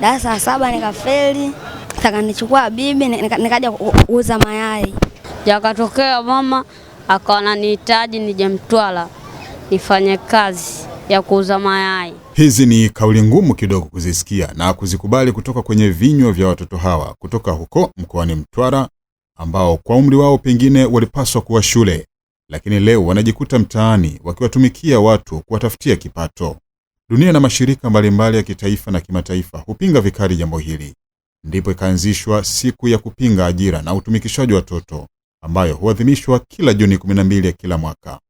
darasa la saba nikafeli, nichukua bibi nikaja kuuza mayai. Yakatokea mama akawa ananihitaji nije Mtwara nifanye kazi ya kuuza mayai. Hizi ni kauli ngumu kidogo kuzisikia na kuzikubali kutoka kwenye vinywa vya watoto hawa kutoka huko mkoani Mtwara ambao kwa umri wao pengine walipaswa kuwa shule, lakini leo wanajikuta mtaani wakiwatumikia watu kuwatafutia kipato. Dunia na mashirika mbalimbali ya kitaifa na kimataifa hupinga vikali jambo hili. Ndipo ikaanzishwa siku ya kupinga ajira na utumikishaji watoto ambayo huadhimishwa kila Juni 12 ya kila mwaka.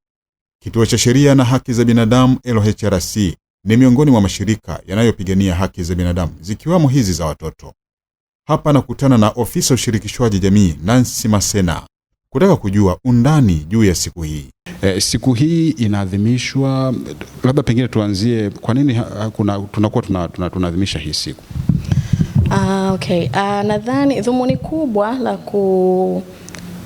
Kituo cha Sheria na Haki za Binadamu LHRC ni miongoni mwa mashirika yanayopigania haki za binadamu zikiwemo hizi za watoto. Hapa nakutana na ofisa ushirikishwaji jamii Nancy Masena kutaka kujua undani juu ya siku hii. E, siku hii inaadhimishwa, labda pengine tuanzie kwa nini kuna tunakuwa tunaadhimisha tuna, tuna hii siku uh, okay. Uh, nadhani dhumuni kubwa la ku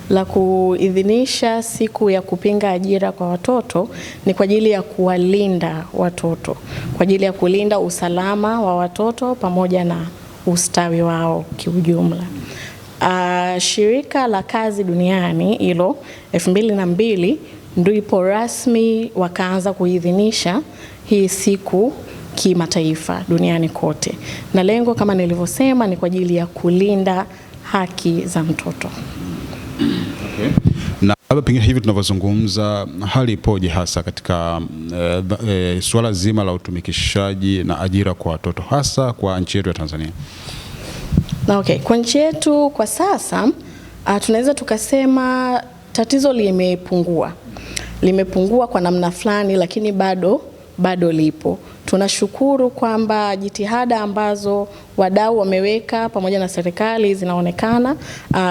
la kuidhinisha siku ya kupinga ajira kwa watoto ni kwa ajili ya kuwalinda watoto, kwa ajili ya kulinda usalama wa watoto pamoja na ustawi wao kiujumla. Uh, shirika la kazi duniani hilo elfu mbili na mbili ndipo rasmi wakaanza kuidhinisha hii siku kimataifa duniani kote, na lengo kama nilivyosema ni kwa ajili ya kulinda haki za mtoto. Okay. Na labda pengine hivi tunavyozungumza, hali ipoje hasa katika e, eh, e, eh, suala zima la utumikishaji na ajira kwa watoto hasa kwa nchi yetu ya Tanzania? Na ah, okay, kwa nchi yetu kwa sasa uh, tunaweza tukasema tatizo limepungua, limepungua kwa namna fulani, lakini bado bado lipo. Tunashukuru kwamba jitihada ambazo wadau wameweka pamoja na serikali zinaonekana,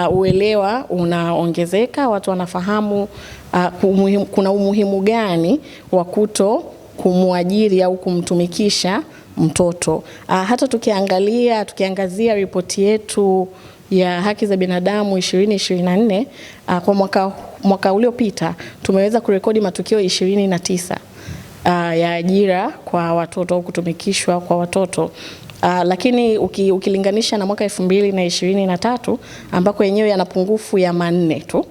uh, uelewa unaongezeka, watu wanafahamu uh, kumuhim, kuna umuhimu gani wa kuto kumwajiri au kumtumikisha mtoto. Uh, hata tukiangalia tukiangazia ripoti yetu ya haki za binadamu 2024 uh, ah, kwa mwaka, mwaka uliopita tumeweza kurekodi matukio 29 uh, ah, ya ajira kwa watoto au kutumikishwa kwa watoto. Uh, lakini uki, ukilinganisha na mwaka elfu mbili na ishirini na tatu ambako yenyewe yana pungufu ya manne tu.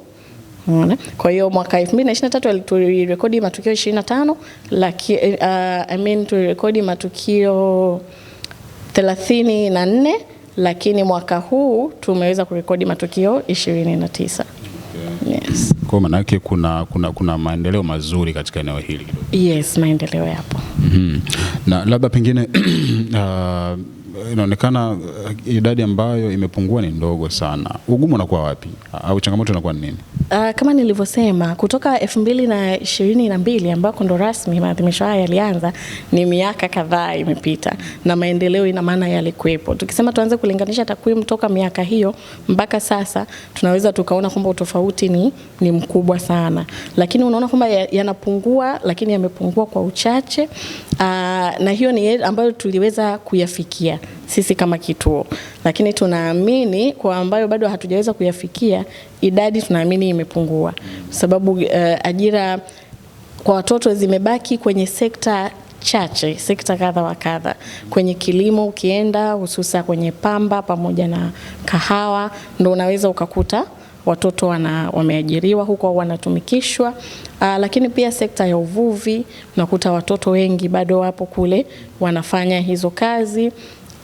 Unaona? Kwa hiyo mwaka 2023 tulirekodi matukio 25 laki, uh, I mean tulirekodi matukio 34 lakini mwaka huu tumeweza kurekodi matukio 29. Yes. Kwa maana yake kuna, kuna, kuna maendeleo mazuri katika eneo hili. Yes, maendeleo yapo. Mm -hmm. Na labda pengine uh, inaonekana eh, idadi ambayo imepungua ni ndogo sana. Ugumu unakuwa wapi au changamoto inakuwa ni nini? Uh, kama nilivyosema kutoka elfu mbili na ishirini na mbili ambako ndo rasmi maadhimisho haya yalianza, ni miaka kadhaa imepita na maendeleo ina maana yalikuwepo. Tukisema tuanze kulinganisha takwimu toka miaka hiyo mpaka sasa, tunaweza tukaona kwamba utofauti ni, ni mkubwa sana, lakini unaona kwamba yanapungua ya, lakini yamepungua kwa uchache uh, na hiyo ni ambayo tuliweza kuyafikia sisi kama kituo, lakini tunaamini kwa ambayo bado hatujaweza kuyafikia, idadi tunaamini imepungua kwa sababu uh, ajira kwa watoto zimebaki kwenye sekta chache, sekta kadha wa kadha. Kwenye kilimo ukienda, hususa kwenye pamba pamoja na kahawa, ndo unaweza ukakuta watoto wana, wameajiriwa huko au wanatumikishwa. Aa, ah, lakini pia sekta ya uvuvi unakuta watoto wengi bado wapo kule wanafanya hizo kazi.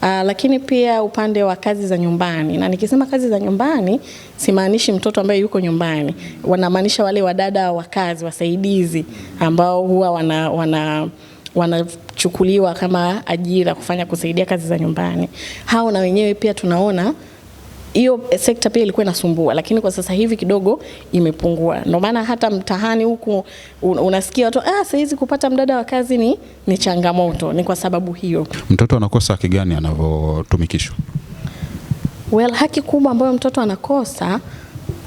Uh, lakini pia upande wa kazi za nyumbani, na nikisema kazi za nyumbani simaanishi mtoto ambaye yuko nyumbani, wanamaanisha wale wadada wa kazi wasaidizi ambao huwa wana, wana wanachukuliwa kama ajira kufanya kusaidia kazi za nyumbani. Hao na wenyewe pia tunaona hiyo sekta pia ilikuwa inasumbua, lakini kwa sasa hivi kidogo imepungua. Ndio maana hata mtahani huku unasikia watu ah, saizi kupata mdada wa kazi ni, ni changamoto. Ni kwa sababu hiyo. Mtoto anakosa haki gani anavyotumikishwa? Well, haki kubwa ambayo mtoto anakosa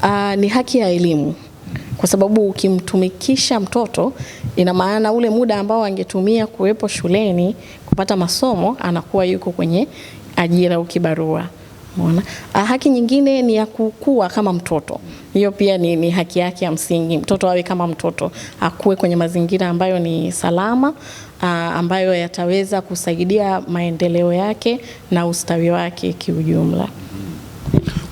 uh, ni haki ya elimu kwa sababu ukimtumikisha mtoto ina maana ule muda ambao angetumia kuwepo shuleni kupata masomo anakuwa yuko kwenye ajira ukibarua. Mwana. Ah, haki nyingine ni ya kukua kama mtoto. Hiyo pia ni, ni haki yake ya msingi. Mtoto awe kama mtoto, akue kwenye mazingira ambayo ni salama, ah, ambayo yataweza kusaidia maendeleo yake na ustawi wake kiujumla.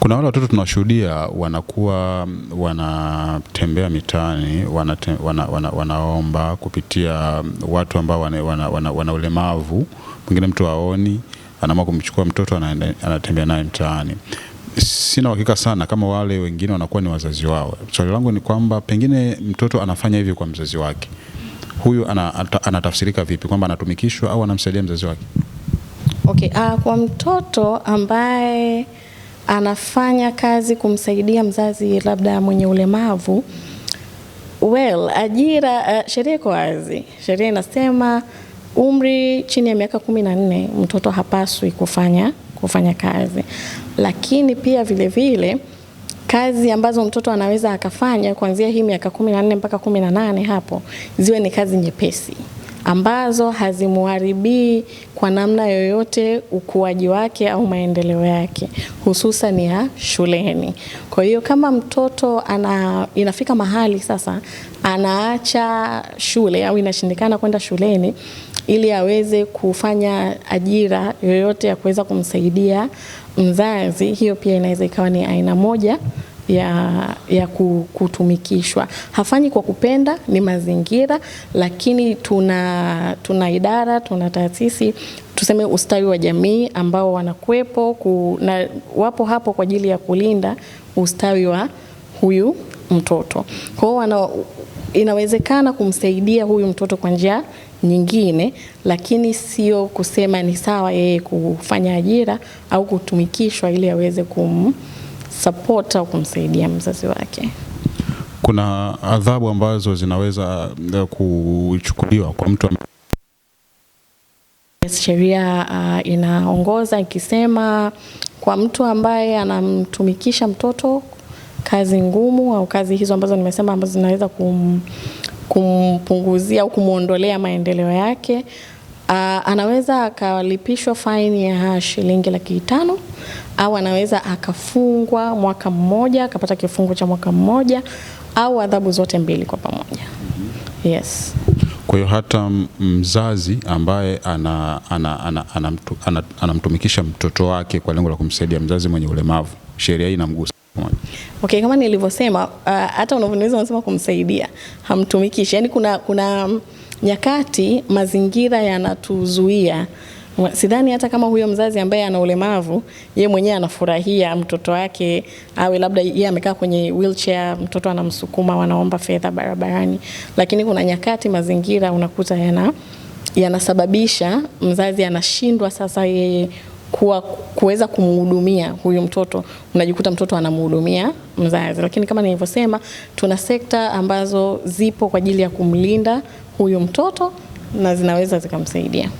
Kuna wale watoto tunashuhudia wanakuwa wanatembea mitaani wanate, wana, wana, wanaomba kupitia watu ambao wana, wana, wana, wana ulemavu, mwingine mtu aoni anaamua kumchukua mtoto anatembea naye mtaani. Sina uhakika sana kama wale wengine wanakuwa ni wazazi wao. Swali langu ni kwamba pengine mtoto anafanya hivyo kwa mzazi wake, huyu anatafsirika vipi, kwamba anatumikishwa au anamsaidia mzazi wake? Okay, uh, kwa mtoto ambaye anafanya kazi kumsaidia mzazi labda mwenye ulemavu, well, ajira uh, sheria iko wazi, sheria inasema umri chini ya miaka kumi na nne mtoto hapaswi kufanya kufanya kazi, lakini pia vilevile vile, kazi ambazo mtoto anaweza akafanya kuanzia hii miaka kumi na nne mpaka kumi na nane hapo ziwe ni kazi nyepesi ambazo hazimuharibii kwa namna yoyote ukuaji wake au maendeleo yake, hususan ya shuleni. Kwa hiyo kama mtoto ana, inafika mahali sasa anaacha shule au inashindikana kwenda shuleni, ili aweze kufanya ajira yoyote ya kuweza kumsaidia mzazi. Hiyo pia inaweza ikawa ni aina moja ya, ya kutumikishwa. Hafanyi kwa kupenda, ni mazingira, lakini tuna, tuna idara tuna taasisi tuseme ustawi wa jamii ambao wanakuwepo ku, na wapo hapo kwa ajili ya kulinda ustawi wa huyu mtoto. Kwa hiyo inawezekana kumsaidia huyu mtoto kwa njia nyingine, lakini sio kusema ni sawa yeye kufanya ajira au kutumikishwa ili aweze kumsupport au kumsaidia mzazi wake. Kuna adhabu ambazo zinaweza eh, kuchukuliwa kwa mtu sheria uh, inaongoza ikisema kwa mtu ambaye anamtumikisha mtoto kazi ngumu au kazi hizo ambazo nimesema ambazo zinaweza kum kumpunguzia au kumwondolea maendeleo yake. Uh, anaweza akalipishwa faini ya shilingi laki tano au anaweza akafungwa mwaka mmoja akapata kifungo cha mwaka mmoja au adhabu zote mbili kwa pamoja. Mm-hmm. Yes. Kwa hiyo hata mzazi ambaye anamtumikisha ana, ana, ana, ana, ana, ana, ana mtoto wake kwa lengo la kumsaidia, mzazi mwenye ulemavu, sheria hii inamgusa. Okay, kama nilivyosema, uh, unavyoniuliza unasema kumsaidia hamtumikishi, yaani kuna, kuna nyakati mazingira yanatuzuia sidhani hata kama huyo mzazi ambaye ana ulemavu ye mwenyewe anafurahia mtoto wake awe labda ye amekaa kwenye wheelchair, mtoto anamsukuma, wanaomba fedha barabarani, lakini kuna nyakati mazingira unakuta yana yanasababisha mzazi anashindwa sasa yeye kuwa kuweza kumhudumia huyu mtoto, unajikuta mtoto anamhudumia mzazi. Lakini kama nilivyosema, tuna sekta ambazo zipo kwa ajili ya kumlinda huyu mtoto na zinaweza zikamsaidia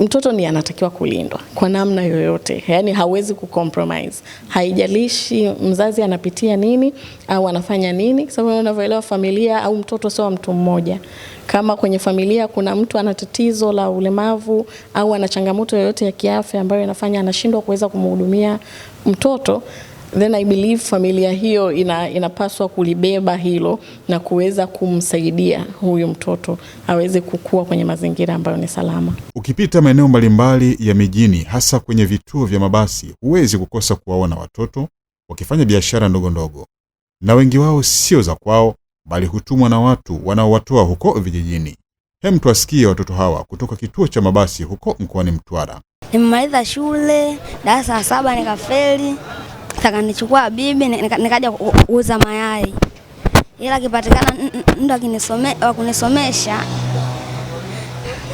mtoto. Ni anatakiwa kulindwa kwa namna yoyote, yani hawezi kucompromise, haijalishi mzazi anapitia nini au anafanya nini, kwa sababu unavyoelewa familia au mtoto sio mtu mmoja. Kama kwenye familia kuna mtu ana tatizo la ulemavu au ana changamoto yoyote ya kiafya ambayo inafanya anashindwa kuweza kumhudumia mtoto then I believe familia hiyo ina, inapaswa kulibeba hilo na kuweza kumsaidia huyu mtoto aweze kukua kwenye mazingira ambayo ni salama. Ukipita maeneo mbalimbali ya mijini, hasa kwenye vituo vya mabasi, huwezi kukosa kuwaona watoto wakifanya biashara ndogo ndogo, na wengi wao sio za kwao, bali hutumwa na watu wanaowatoa huko vijijini. Hem, tuwasikie watoto hawa kutoka kituo cha mabasi huko mkoani Mtwara. Nimemaliza shule darasa la saba nikafeli takanichukua bibi nikaja kuuza mayai, ila akipatikana mtu wa kunisomesha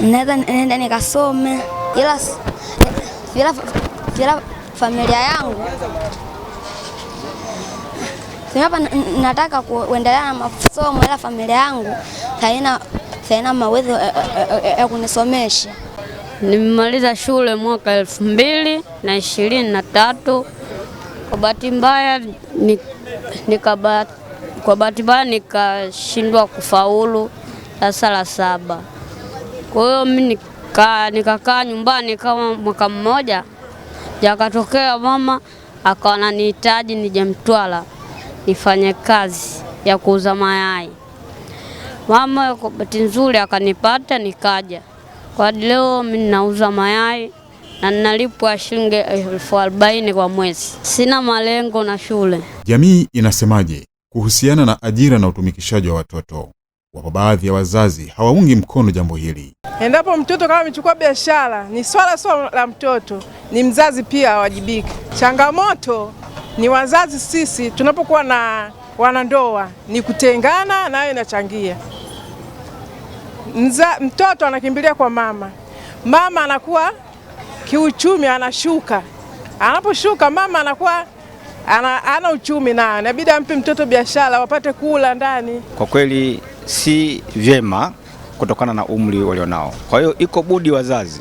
naweza nenda nikasome, ila ila ila familia yangu hapa nataka kuendelea na masomo, ila familia yangu haina haina mawezo ya kunisomesha. Nimemaliza shule mwaka elfu mbili na ishirini na tatu kwa bahati mbaya ni, kwa bahati mbaya nikashindwa kufaulu darasa la saba. Kwa hiyo mimi nikakaa nyumbani kama mwaka mmoja, jakatokea mama akawa ananihitaji nije Mtwara nifanye kazi ya kuuza mayai. Mama kwa bahati nzuri akanipata nikaja, kwa leo mimi ninauza mayai na ninalipwa shilingi elfu arobaini kwa mwezi. Sina malengo na shule. Jamii inasemaje kuhusiana na ajira na utumikishaji wa watoto? Wapo baadhi ya wazazi hawaungi mkono jambo hili. Endapo mtoto kama amechukua biashara, ni swala sio la mtoto, ni mzazi pia awajibike. Changamoto ni wazazi sisi, tunapokuwa na wanandoa ni kutengana, nayo inachangia. Mza, mtoto anakimbilia kwa mama, mama anakuwa kiuchumi anashuka. Anaposhuka mama anakuwa ana, ana uchumi na inabidi ampe mtoto biashara wapate kula ndani. Kwa kweli si vyema kutokana na umri walionao. Kwa hiyo iko budi wazazi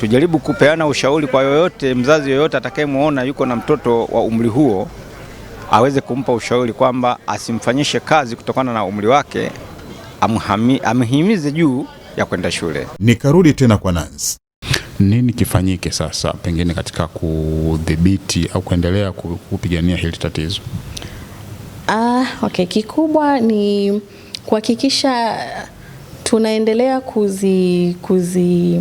tujaribu kupeana ushauri kwa yoyote, mzazi yoyote atakayemwona yuko na mtoto wa umri huo aweze kumpa ushauri kwamba asimfanyishe kazi kutokana na umri wake, amhimize juu ya kwenda shule. Nikarudi tena kwa Nancy. Nini kifanyike sasa pengine katika kudhibiti au kuendelea kupigania hili tatizo? Ah, okay, kikubwa ni kuhakikisha tunaendelea kuzi, kuzi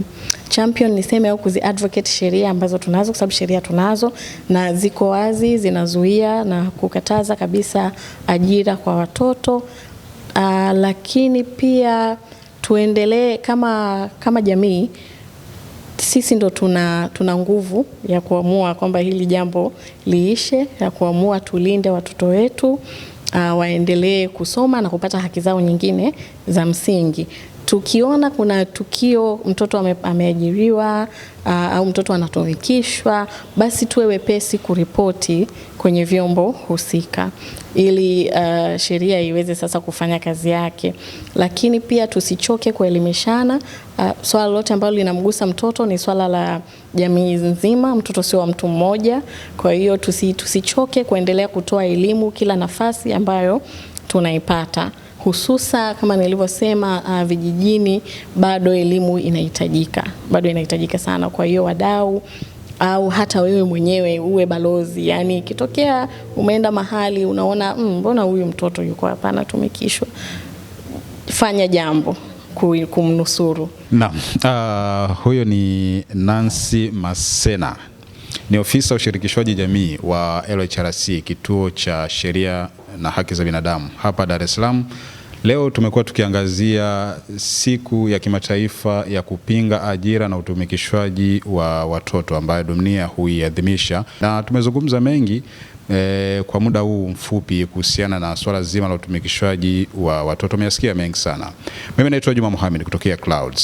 champion niseme au kuzi advocate sheria ambazo tunazo, kwa sababu sheria tunazo na ziko wazi, zinazuia na kukataza kabisa ajira kwa watoto uh, lakini pia tuendelee kama, kama jamii sisi ndo tuna, tuna nguvu ya kuamua kwamba hili jambo liishe, ya kuamua tulinde watoto wetu uh, waendelee kusoma na kupata haki zao nyingine za msingi tukiona kuna tukio mtoto ame, ameajiriwa au mtoto anatumikishwa, basi tuwe wepesi kuripoti kwenye vyombo husika ili uh, sheria iweze sasa kufanya kazi yake. Lakini pia tusichoke kuelimishana. Uh, swala lote ambalo linamgusa mtoto ni swala la jamii nzima, mtoto sio wa mtu mmoja. Kwa hiyo tusi, tusichoke kuendelea kutoa elimu kila nafasi ambayo tunaipata hususa kama nilivyosema, uh, vijijini bado elimu inahitajika, bado inahitajika sana. Kwa hiyo wadau au hata wewe mwenyewe uwe balozi, yani ikitokea umeenda mahali unaona hmm, mbona mm, huyu mtoto yuko hapa anatumikishwa, fanya jambo kumnusuru. Naam, uh, huyo ni Nancy Masena, ni ofisa ushirikishwaji jamii wa LHRC kituo cha sheria na haki za binadamu hapa Dar es Salaam. Leo tumekuwa tukiangazia siku ya kimataifa ya kupinga ajira na utumikishwaji wa watoto ambayo dunia huiadhimisha, na tumezungumza mengi e, kwa muda huu mfupi kuhusiana na swala zima la utumikishwaji wa watoto. Umeyasikia mengi sana. Mimi naitwa Juma Mohamed kutokea Clouds.